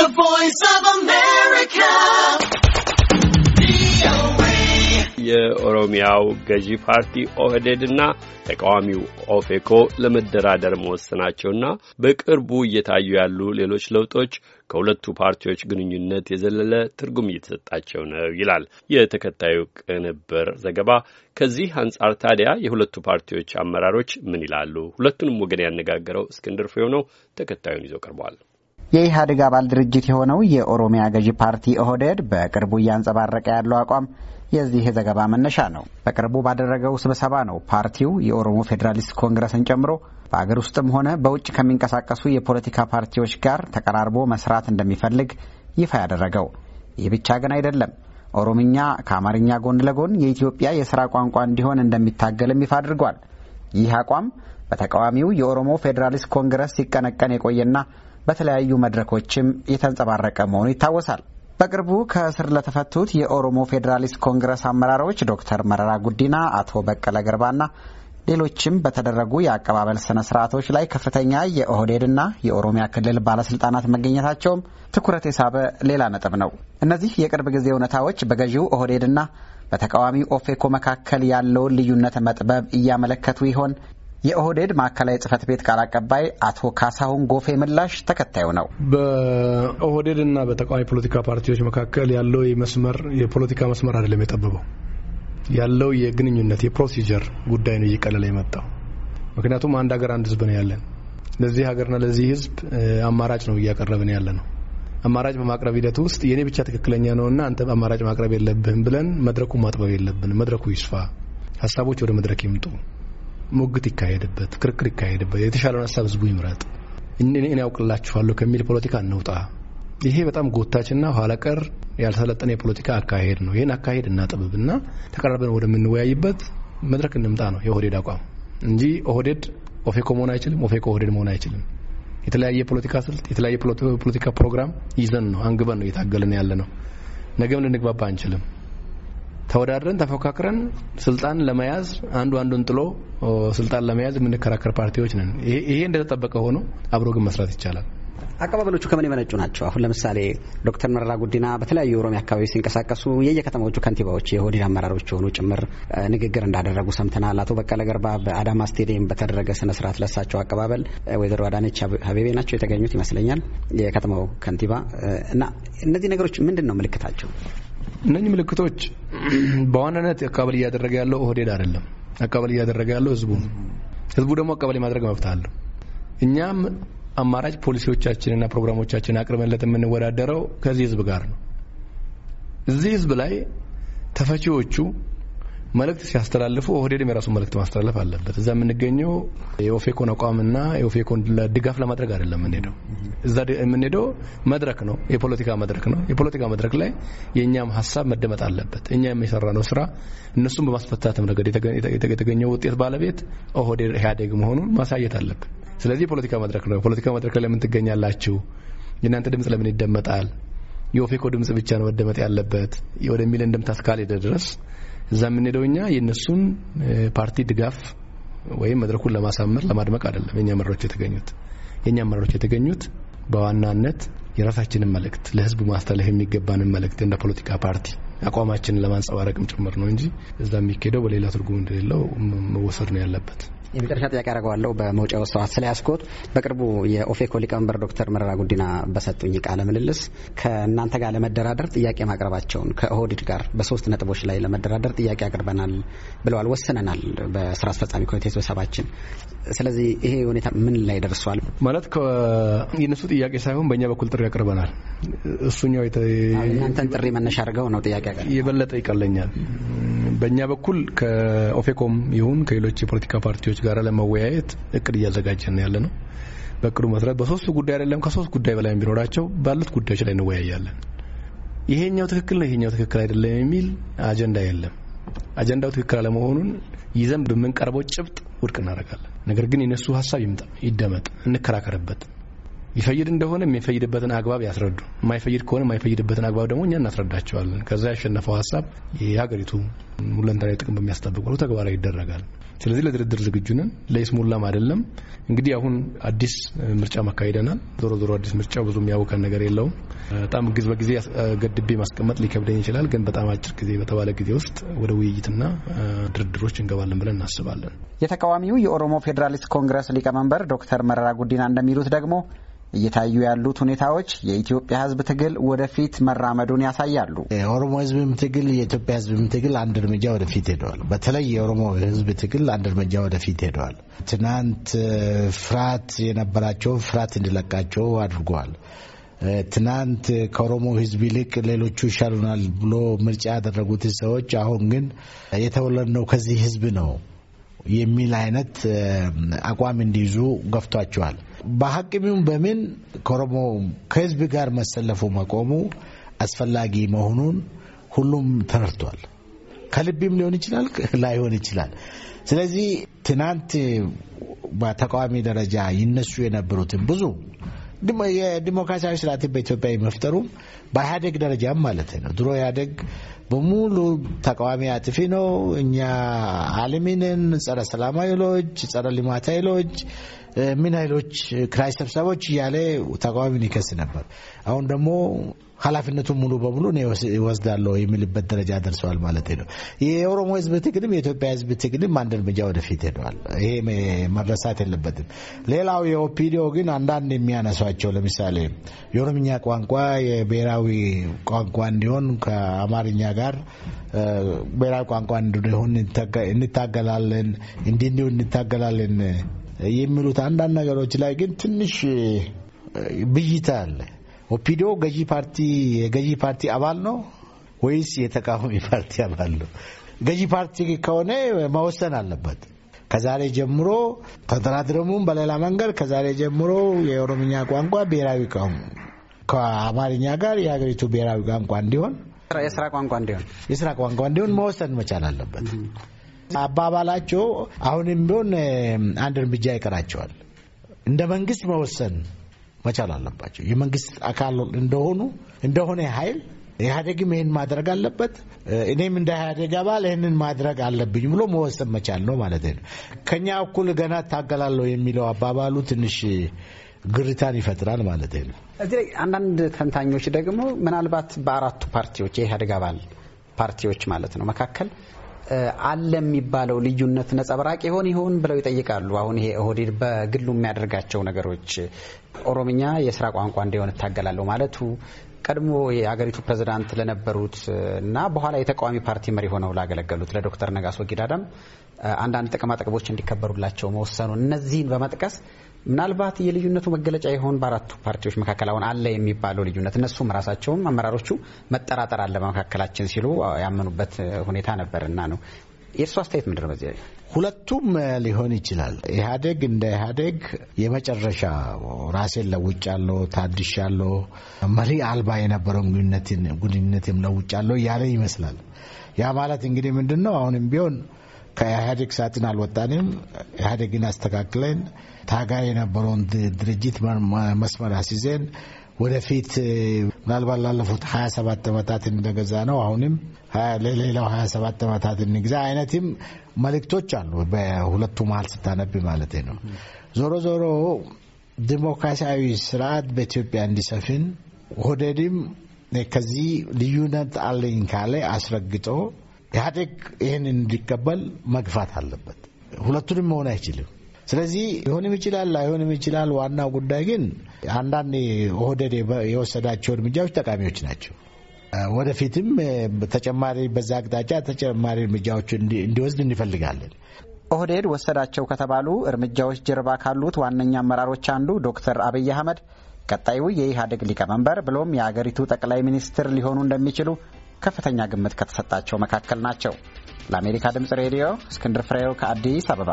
The Voice of America. የኦሮሚያው ገዢ ፓርቲ ኦህዴድ እና ተቃዋሚው ኦፌኮ ለመደራደር መወሰናቸውና በቅርቡ እየታዩ ያሉ ሌሎች ለውጦች ከሁለቱ ፓርቲዎች ግንኙነት የዘለለ ትርጉም እየተሰጣቸው ነው ይላል የተከታዩ ቅንብር ዘገባ። ከዚህ አንጻር ታዲያ የሁለቱ ፓርቲዎች አመራሮች ምን ይላሉ? ሁለቱንም ወገን ያነጋገረው እስክንድር ፍሬው ነው። ተከታዩን ይዞ ቀርቧል። የኢህአዴግ አባል ድርጅት የሆነው የኦሮሚያ ገዢ ፓርቲ ኦህዴድ በቅርቡ እያንጸባረቀ ያለው አቋም የዚህ ዘገባ መነሻ ነው። በቅርቡ ባደረገው ስብሰባ ነው ፓርቲው የኦሮሞ ፌዴራሊስት ኮንግረስን ጨምሮ በአገር ውስጥም ሆነ በውጭ ከሚንቀሳቀሱ የፖለቲካ ፓርቲዎች ጋር ተቀራርቦ መስራት እንደሚፈልግ ይፋ ያደረገው። ይህ ብቻ ግን አይደለም። ኦሮምኛ ከአማርኛ ጎን ለጎን የኢትዮጵያ የሥራ ቋንቋ እንዲሆን እንደሚታገልም ይፋ አድርጓል። ይህ አቋም በተቃዋሚው የኦሮሞ ፌዴራሊስት ኮንግረስ ሲቀነቀን የቆየና በተለያዩ መድረኮችም የተንጸባረቀ መሆኑ ይታወሳል። በቅርቡ ከእስር ለተፈቱት የኦሮሞ ፌዴራሊስት ኮንግረስ አመራሮች ዶክተር መረራ ጉዲና፣ አቶ በቀለ ገርባና ሌሎችም በተደረጉ የአቀባበል ስነ ስርዓቶች ላይ ከፍተኛ የኦህዴድና የኦሮሚያ ክልል ባለስልጣናት መገኘታቸውም ትኩረት የሳበ ሌላ ነጥብ ነው። እነዚህ የቅርብ ጊዜ እውነታዎች በገዢው ኦህዴድና በተቃዋሚው ኦፌኮ መካከል ያለውን ልዩነት መጥበብ እያመለከቱ ይሆን? የኦህዴድ ማዕከላዊ ጽህፈት ቤት ቃል አቀባይ አቶ ካሳሁን ጎፌ ምላሽ ተከታዩ ነው። በኦህዴድ እና በተቃዋሚ ፖለቲካ ፓርቲዎች መካከል ያለው መስመር የፖለቲካ መስመር አይደለም የጠበበው ያለው የግንኙነት የፕሮሲጀር ጉዳይ ነው እየቀለለ የመጣው። ምክንያቱም አንድ ሀገር አንድ ህዝብ ነው ያለን። ለዚህ ሀገርና ለዚህ ህዝብ አማራጭ ነው እያቀረብን ያለ ነው። አማራጭ በማቅረብ ሂደት ውስጥ የኔ ብቻ ትክክለኛ ነውና አንተ አማራጭ ማቅረብ የለብህም ብለን መድረኩ ማጥበብ የለብን። መድረኩ ይስፋ፣ ሀሳቦች ወደ መድረክ ይምጡ። ሞግት ይካሄድበት፣ ክርክር ይካሄድበት፣ የተሻለውን ሀሳብ ህዝቡ ይምረጥ፣ እኔ ያውቅላችኋለሁ ከሚል ፖለቲካ እንውጣ። ይሄ በጣም ጎታችና ኋላቀር ያልሰለጠነ የፖለቲካ አካሄድ ነው። ይህን አካሄድ እና ጥበብና ተቀራርበን ወደምንወያይበት መድረክ እንምጣ ነው የኦህዴድ አቋም እንጂ ኦህዴድ ኦፌኮ መሆን አይችልም፣ ኦፌኮ ኦህዴድ መሆን አይችልም። የተለያየ ፖለቲካ ስልት፣ የተለያየ ፖለቲካ ፕሮግራም ይዘን ነው አንግበን ነው እየታገልን ያለ ነው። ነገም ልንግባባ አንችልም። ተወዳድረን ተፎካክረን ስልጣን ለመያዝ አንዱ አንዱን ጥሎ ስልጣን ለመያዝ የምንከራከር ፓርቲዎች ነን። ይሄ እንደተጠበቀ ሆኖ አብሮ ግን መስራት ይቻላል። አቀባበሎቹ ከምን የመነጩ ናቸው? አሁን ለምሳሌ ዶክተር መረራ ጉዲና በተለያዩ የኦሮሚያ አካባቢ ሲንቀሳቀሱ የየከተማዎቹ ከንቲባዎች የኦህዴድ አመራሮች የሆኑ ጭምር ንግግር እንዳደረጉ ሰምተናል። አቶ በቀለ ገርባ በአዳማ ስቴዲየም በተደረገ ስነ ስርዓት ለሳቸው አቀባበል ወይዘሮ አዳነች አቤቤ ናቸው የተገኙት ይመስለኛል የከተማው ከንቲባ እና እነዚህ ነገሮች ምንድን ነው ምልክታቸው? እነኚህ ምልክቶች በዋናነት አቀባበል እያደረገ ያለው ኦህዴድ አይደለም። አቀባበል እያደረገ ያለው ህዝቡ ህዝቡ ደግሞ አቀባበል ማድረግ መብት አለው። እኛም አማራጭ ፖሊሲዎቻችንና ፕሮግራሞቻችን አቅርበንለት የምንወዳደረው ከዚህ ህዝብ ጋር ነው። እዚህ ህዝብ ላይ ተፈቺዎቹ መልእክት ሲያስተላልፉ ኦህዴድም የራሱን መልእክት ማስተላለፍ አለበት። እዛ የምንገኘው የኦፌኮን አቋምና የኦፌኮን ድጋፍ ለማድረግ አይደለም የምንሄደው። እዛ የምንሄደው መድረክ ነው፣ የፖለቲካ መድረክ ነው። የፖለቲካ መድረክ ላይ የእኛም ሀሳብ መደመጥ አለበት። እኛ የሚሰራ ነው ስራ እነሱን በማስፈታትም ረገድ የተገኘው ውጤት ባለቤት ኦህዴድ ኢህአዴግ መሆኑን ማሳየት አለብን። ስለዚህ የፖለቲካ መድረክ ነው። የፖለቲካ መድረክ ላይ ለምን ትገኛላችሁ? የእናንተ ድምፅ ለምን ይደመጣል? የኦፌኮ ድምፅ ብቻ ነው መደመጥ ያለበት ወደሚል እንደምታስካል ድረስ እዛ የምንሄደው እኛ የእነሱን ፓርቲ ድጋፍ ወይም መድረኩን ለማሳመር ለማድመቅ አይደለም የእኛ መሪዎች የተገኙት። የእኛ መሪዎች የተገኙት በዋናነት የራሳችንን መልእክት ለህዝቡ ማስተላለፍ የሚገባንን መልእክት እንደ ፖለቲካ ፓርቲ አቋማችንን ለማንጸባረቅም ጭምር ነው እንጂ እዛ የሚካሄደው በሌላ ትርጉም እንደሌለው መወሰድ ነው ያለበት። የመጨረሻ ጥያቄ ያደረገዋለሁ በመውጫ ሰዓት ስለ ያስኮት በቅርቡ የኦፌኮ ሊቀመንበር ዶክተር መረራ ጉዲና በሰጡኝ ቃለ ምልልስ ከእናንተ ጋር ለመደራደር ጥያቄ ማቅረባቸውን ከኦህዴድ ጋር በሶስት ነጥቦች ላይ ለመደራደር ጥያቄ አቅርበናል ብለዋል። ወስነናል በስራ አስፈጻሚ ኮሚቴ ስብሰባችን። ስለዚህ ይሄ ሁኔታ ምን ላይ ደርሷል? ማለት የእነሱ ጥያቄ ሳይሆን በእኛ በኩል ጥሪ አቅርበናል። እሱኛው እናንተን ጥሪ መነሻ አድርገው ነው ጥያቄ የበለጠ ይቀለኛል። በእኛ በኩል ከኦፌኮም ይሁን ከሌሎች የፖለቲካ ፓርቲዎች ጋር ለመወያየት እቅድ እያዘጋጀን ያለ ነው። በእቅዱ መሰረት በሶስቱ ጉዳይ አይደለም ከሶስት ጉዳይ በላይ ቢኖራቸው ባሉት ጉዳዮች ላይ እንወያያለን። ይሄኛው ትክክል ነው፣ ይሄኛው ትክክል አይደለም የሚል አጀንዳ የለም። አጀንዳው ትክክል አለመሆኑን ይዘን በምንቀርበው ጭብጥ ውድቅ እናደርጋለን። ነገር ግን የነሱ ሀሳብ ይምጣ፣ ይደመጥ፣ እንከራከርበት። ይፈይድ እንደሆነ የሚፈይድበትን አግባብ ያስረዱ፣ የማይፈይድ ከሆነ የማይፈይድበትን አግባብ ደግሞ እኛ እናስረዳቸዋለን። ከዛ ያሸነፈው ሀሳብ የሀገሪቱ ሁለንተናዊ ጥቅም በሚያስጠብቅ ሁሉ ተግባራዊ ይደረጋል። ስለዚህ ለድርድር ዝግጁ ነን። ለይስሙላም አይደለም። እንግዲህ አሁን አዲስ ምርጫ ማካሄደናል። ዞሮ ዞሮ አዲስ ምርጫ ብዙ የሚያውቀን ነገር የለውም። በጣም ግዝ በጊዜ ገድቤ ማስቀመጥ ሊከብደኝ ይችላል፣ ግን በጣም አጭር ጊዜ በተባለ ጊዜ ውስጥ ወደ ውይይትና ድርድሮች እንገባለን ብለን እናስባለን። የተቃዋሚው የኦሮሞ ፌዴራሊስት ኮንግረስ ሊቀመንበር ዶክተር መረራ ጉዲና እንደሚሉት ደግሞ እየታዩ ያሉት ሁኔታዎች የኢትዮጵያ ሕዝብ ትግል ወደፊት መራመዱን ያሳያሉ። የኦሮሞ ሕዝብም ትግል የኢትዮጵያ ሕዝብም ትግል አንድ እርምጃ ወደፊት ሄደዋል። በተለይ የኦሮሞ ሕዝብ ትግል አንድ እርምጃ ወደፊት ሄደዋል። ትናንት ፍርሃት የነበራቸው ፍርሃት እንዲለቃቸው አድርገዋል። ትናንት ከኦሮሞ ህዝብ ይልቅ ሌሎቹ ይሻሉናል ብሎ ምርጫ ያደረጉት ሰዎች አሁን ግን የተወለድነው ከዚህ ህዝብ ነው የሚል አይነት አቋም እንዲይዙ ገፍቷቸዋል። በሀቅሚውም በምን ከኦሮሞ ከህዝብ ጋር መሰለፉ መቆሙ አስፈላጊ መሆኑን ሁሉም ተረድቷል። ከልቢም ሊሆን ይችላል፣ ላይሆን ይችላል። ስለዚህ ትናንት በተቃዋሚ ደረጃ ይነሱ የነበሩትን ብዙ የዲሞክራሲያዊ ስርዓትን በኢትዮጵያ የመፍጠሩም በኢህአዴግ ደረጃም ማለት ነው ድሮ ኢህአዴግ በሙሉ ተቃዋሚ አጥፊ ነው። እኛ አልሚንን ጸረ ሰላም ኃይሎች፣ ጸረ ልማት ኃይሎች ምን ኃይሎች ክራይ ሰብሰቦች እያለ ተቃዋሚን ይከስ ነበር። አሁን ደግሞ ኃላፊነቱን ሙሉ በሙሉ ወስዳለሁ የሚልበት ደረጃ ደርሰዋል ማለት ነው። የኦሮሞ ህዝብ ትግልም የኢትዮጵያ ህዝብ ትግልም አንድ እርምጃ ወደፊት ሄደዋል። ይሄ መረሳት የለበትም። ሌላው የኦፒዲዮ ግን አንዳንድ የሚያነሷቸው ለምሳሌ የኦሮምኛ ቋንቋ የብሔራዊ ቋንቋ እንዲሆን ከአማርኛ ጋር ብሔራዊ ቋንቋ እንዲሆን እንታገላለን፣ እንዲህ እንታገላለን የሚሉት አንዳንድ ነገሮች ላይ ግን ትንሽ ብይታ አለ። ኦፒዶ ገዢ ፓርቲ የገዢ ፓርቲ አባል ነው ወይስ የተቃዋሚ ፓርቲ አባል ነው? ገዢ ፓርቲ ከሆነ መወሰን አለበት። ከዛሬ ጀምሮ ተጠራድረሙም በሌላ መንገድ ከዛሬ ጀምሮ የኦሮምኛ ቋንቋ ብሔራዊ ቋንቋ ከአማርኛ ጋር የሀገሪቱ ብሔራዊ ቋንቋ እንዲሆን የስራ ቋንቋ እንዲሆን የስራ ቋንቋ እንዲሆን መወሰን መቻል አለበት። አባባላቸው አሁንም ቢሆን አንድ እርምጃ ይቀራቸዋል። እንደ መንግስት መወሰን መቻል አለባቸው። የመንግስት አካል እንደሆኑ እንደሆነ ኃይል ኢህአዴግም ይህን ማድረግ አለበት፣ እኔም እንደ ኢህአዴግ አባል ይህንን ማድረግ አለብኝ ብሎ መወሰን መቻል ነው ማለት ነው። ከኛ እኩል ገና እታገላለሁ የሚለው አባባሉ ትንሽ ግሪታን ይፈጥራል ማለት ነው። እዚህ ላይ አንዳንድ ተንታኞች ደግሞ ምናልባት በአራቱ ፓርቲዎች የኢህአዴግ አባል ፓርቲዎች ማለት ነው መካከል አለ የሚባለው ልዩነት ነጸብራቅ ይሆን ይሆን ብለው ይጠይቃሉ። አሁን ይሄ ኦህዴድ በግሉ የሚያደርጋቸው ነገሮች ኦሮምኛ የስራ ቋንቋ እንዲሆን እታገላለሁ ማለቱ ቀድሞ የአገሪቱ ፕሬዝዳንት ለነበሩት እና በኋላ የተቃዋሚ ፓርቲ መሪ ሆነው ላገለገሉት ለዶክተር ነጋሶ ጊዳዳም አንዳንድ ጥቅማጥቅቦች እንዲከበሩላቸው መወሰኑ እነዚህን በመጥቀስ ምናልባት የልዩነቱ መገለጫ የሆን በአራቱ ፓርቲዎች መካከል አሁን አለ የሚባለው ልዩነት እነሱም ራሳቸውም አመራሮቹ መጠራጠር አለ በመካከላችን ሲሉ ያመኑበት ሁኔታ ነበርና ነው። የእርሱ አስተያየት ምንድን ነው? በዚህ ሁለቱም ሊሆን ይችላል። ኢህአዴግ እንደ ኢህአዴግ የመጨረሻ ራሴን ለውጫለሁ፣ ታድሻለሁ፣ መሪ አልባ የነበረውን ግንኙነትም ለውጫለሁ እያለ ይመስላል። ያ ማለት እንግዲህ ምንድን ነው አሁንም ቢሆን ከኢህአዴግ ሳጥን አልወጣንም። ኢህአዴግን አስተካክለን ታጋይ የነበረውን ድርጅት መስመር አስይዘን ወደፊት ምናልባት ላለፉት ሀያ ሰባት ዓመታት እንደገዛ ነው አሁንም ለሌላው ሀያ ሰባት ዓመታት እንግዛ አይነትም መልእክቶች አሉ። በሁለቱ መሀል ስታነብ ማለት ነው። ዞሮ ዞሮ ዲሞክራሲያዊ ስርዓት በኢትዮጵያ እንዲሰፍን ሆደድም ከዚህ ልዩነት አለኝ ካለ አስረግጦ ኢህአዴግ ይህንን እንዲቀበል መግፋት አለበት። ሁለቱንም መሆን አይችልም። ስለዚህ ሊሆንም ይችላል አይሆንም ይችላል። ዋናው ጉዳይ ግን አንዳንድ ኦህዴድ የወሰዳቸው እርምጃዎች ጠቃሚዎች ናቸው። ወደፊትም ተጨማሪ በዛ አቅጣጫ ተጨማሪ እርምጃዎች እንዲወስድ እንፈልጋለን። ኦህዴድ ወሰዳቸው ከተባሉ እርምጃዎች ጀርባ ካሉት ዋነኛ አመራሮች አንዱ ዶክተር አብይ አህመድ ቀጣዩ የኢህአዴግ ሊቀመንበር ብሎም የአገሪቱ ጠቅላይ ሚኒስትር ሊሆኑ እንደሚችሉ ከፍተኛ ግምት ከተሰጣቸው መካከል ናቸው። ለአሜሪካ ድምፅ ሬዲዮ እስክንድር ፍሬው ከአዲስ አበባ